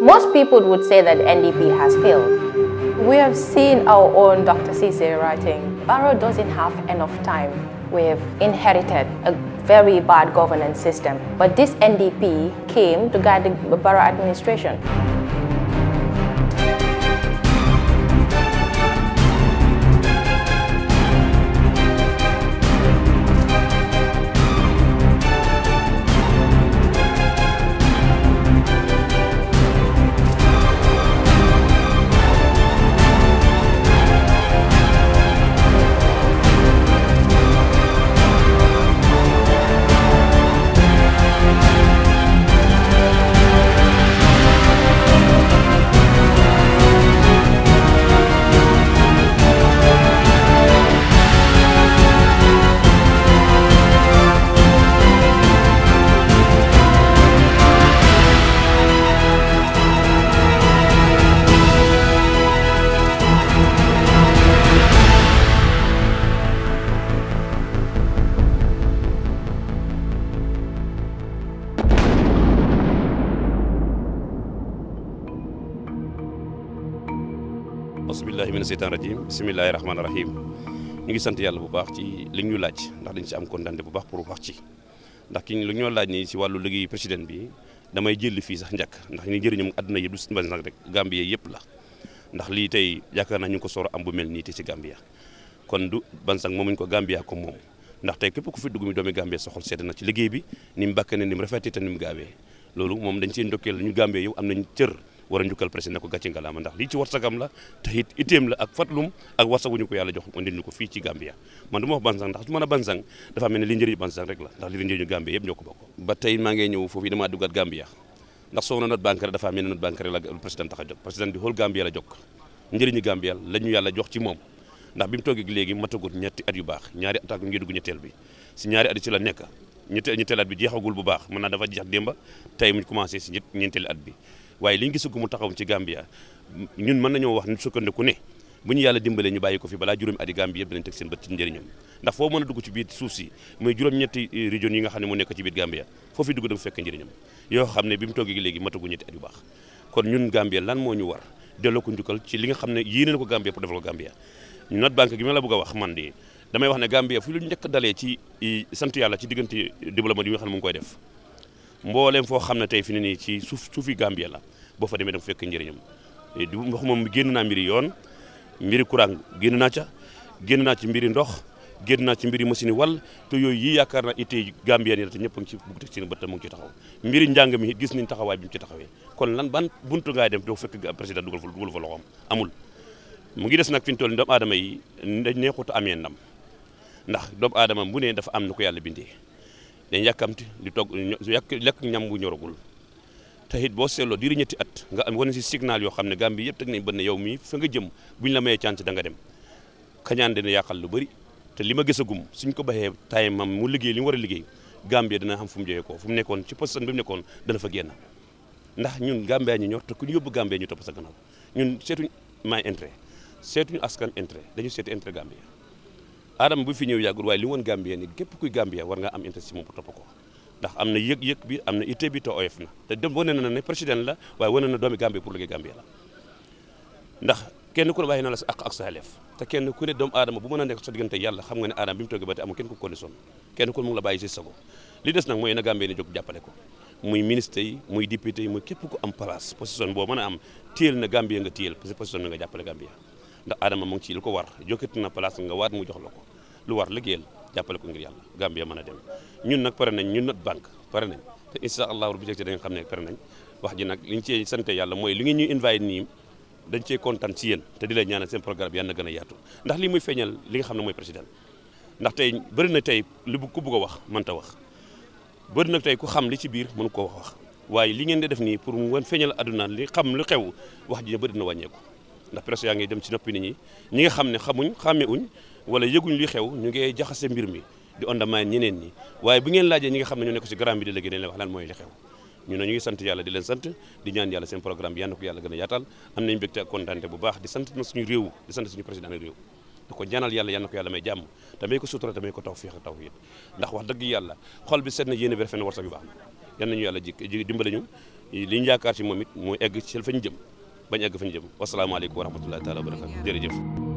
Most people would say that NDP has failed. We have seen our own Dr. Cisse writing, Barrow doesn't have enough time. We've inherited a very bad governance system, but this NDP came to guide the Barrow administration. billahi mina seytaan rajim bismillahir rahmanir rahim ñu ngi sant yalla bu baax ci li ñu laaj ndax dañ ci am kontante bu baax pour wax ci ndax ki lu ñu laaj ni ci walu liggéey président bi damay jël fi sax ñak ndax ñu jëriñum aduna yi du suñu basi nag rek Gambie yépp la ndax li tay yaakaar ñu ko soor am bu mel te ci Gambia kon du bansang momuñ ko Gambia ko mom ndax tay kep ku fi dugg mi domi Gambia soxol sét na ci liggéey bi nim bakane nim ne ni gawé lolu mom dañ ci ndokkeel ñu Gambie yow am nañ cër war a njukkal président ne ko gàcce ngalaama ndax lii ci warsagam la te it la ak fatlum ak warsaguñu ko yàlla jox ko fii ci Gambia man du ma wax a li njëriñ Bansang rek la ndax li njëriñu Gambia yëpp ñoo ko bokk ba tey maa ngi ñëw foofu damaa duggaat Gambia ndax soo a jóg président di la jóg njëriñu Gambia la ñu yàlla jox ci moom ndax bi mu toogee matagut ñetti at yu baax ñaari attaque ngi dugg ñetteel bi si ñaari at ci la nekk ñetteel at bi jeexagul bu baax mën naa dafa jeex démba tey mu commencé si ñetteeli at bi waaye li ñu gisagu mu taxaw ci Gambia ñun mën nañoo wax sukkandiku ne bu ñu yàlla dimbalee ñu bàyyi ko fi balaa juróom ati Gambie yëpp dinañ teg seen bët ci njëriñam ndax foo mën a dugg ci si muy juróom-ñetti eh, région yi nga xam ne mu nekk ci biir Gambia foofu dugg da nga fekk njëriñam yoo xam bi mu toogee léegi matagu ñetti at yu baax kon ñun Gambia lan moo ñu war delloo ko njukkal ci li nga xam ne yéene na ko Gambia pour defal ko Gambia not banque gi ma la bëgg a wax man di damay wax ne Gambia fu lu njëkk dalee ci eh, sant yàlla ci diggante développement yi nga xam koy def mbooleem foo xam ne tey fi ne nii ci suuf suufi Gambie la boo fa demee da nga fekk njëriñam eh, di wax moom génn naa mbiri yoon mbiri courant génn naa ca génn naa ci mbiri ndox génn naa ci mbiri machine wal te yooyu yi yaakaar naa ittee Gambien yi ñëpp a ngi ci bugg teg seen bët mu ngi ci gis ni taxawaay bi mu ci taxawee kon lan ban buntu ngaay dem doo fekk président dugal fa dugal fa loxoom amul mu ngi des nag fi ñu toll doomu aadama yi dañ neexut amee ndam ndax doomu aadama bu ne dafa am na ko yàlla bindee dañ yàkkamti di togg yàkk lekk ñam bu ñoragul te it boo seeloo diir ñetti at nga am wane si signal yoo xam ne Gambie yëpp teg nañ bët ne yow mii fa nga jëm buñ la mayee chance da nga dem kañaan dina yàqal lu bëri te li ma gisagum suñ ko baxee time mam mu liggéey li war liggéey Gambie dina xam fu mu jógee ko fu mu nekkoon ci poste bi mu dana fa génn ndax ñun Gambie ñu ñor te ku ñu ñu topp sa gannaaw ñun seetuñ may intérêt seetuñu askan intérêt dañu seeti intérêt Gambie aadama bu fi ñëw yàggul waaye li woon Gambien na yëg-yëg bi am na itte bi te oyof na wane na ne président la waaye wane na doomi la kenn ku ne bàyyi na la sa a nga ne aadama bi mu toogee ba tey amul kenn ku ko ne kenn ku ne la bàyyi si sago li des mooy na Gambie ni jóg jàppale ko muy ministre yi muy député yi muy képp ku am place position boo mën a am téyel na Gambie nga téyel parce que position bi nga jàppale Gambie ndax aadama mu ci li ko war jokkati na place nga waat mu jox la ko lu war liggéeyal jàppale ko ngir yàlla Gambia mën a dem ñun nag pare nañ ñun nag banque pare nañ te incha allahu rabbi da nga xam ne pare nañ wax ji nag liñ cee sante yàlla mooy li nga ñuy invite nii dañ cee kontaan ci yéen te di la ñaana seen programme yàlla na gën a yaatu ndax lii muy feeñal li nga xam ne mooy président ndax tey bëri na tey li bu ku bëgg a wax mënta wax bëri na tey ku xam li ci biir mënu koo wax waaye li ngeen di def nii pour mu wan feeñal àdduna li xam lu xew wax ji bëri na wàññeeku ndax presse yaa ngi dem ci noppi nit ñi ñi nga xam ne xamuñ xàmmewuñ wala yëguñ li xew ñu ngi jaxase mbir mi di ondamaay ñeneen ñi waaye bu ngeen laajee ñi nga xam ne ñu nekk ci grand bi di léegi dañ lay wax lan mooy li xew ñu ne ñu ngi sant yàlla di leen sant di ñaan yàlla seen programme bi yàlla a yaatal am nañu mbégte ak kontaante bu baax di sant suñu réew di sant suñu président réew di ko ñaanal yàlla yàlla may jàmm damay ko sutura damay ko tawfiix ak ndax wax dëgg yàlla xol bi seet na yéene bi rafet na warsa bi baax yal nañu yàlla ji dimbale ñu li moom it mooy egg ci fa ñu jëm bañ egg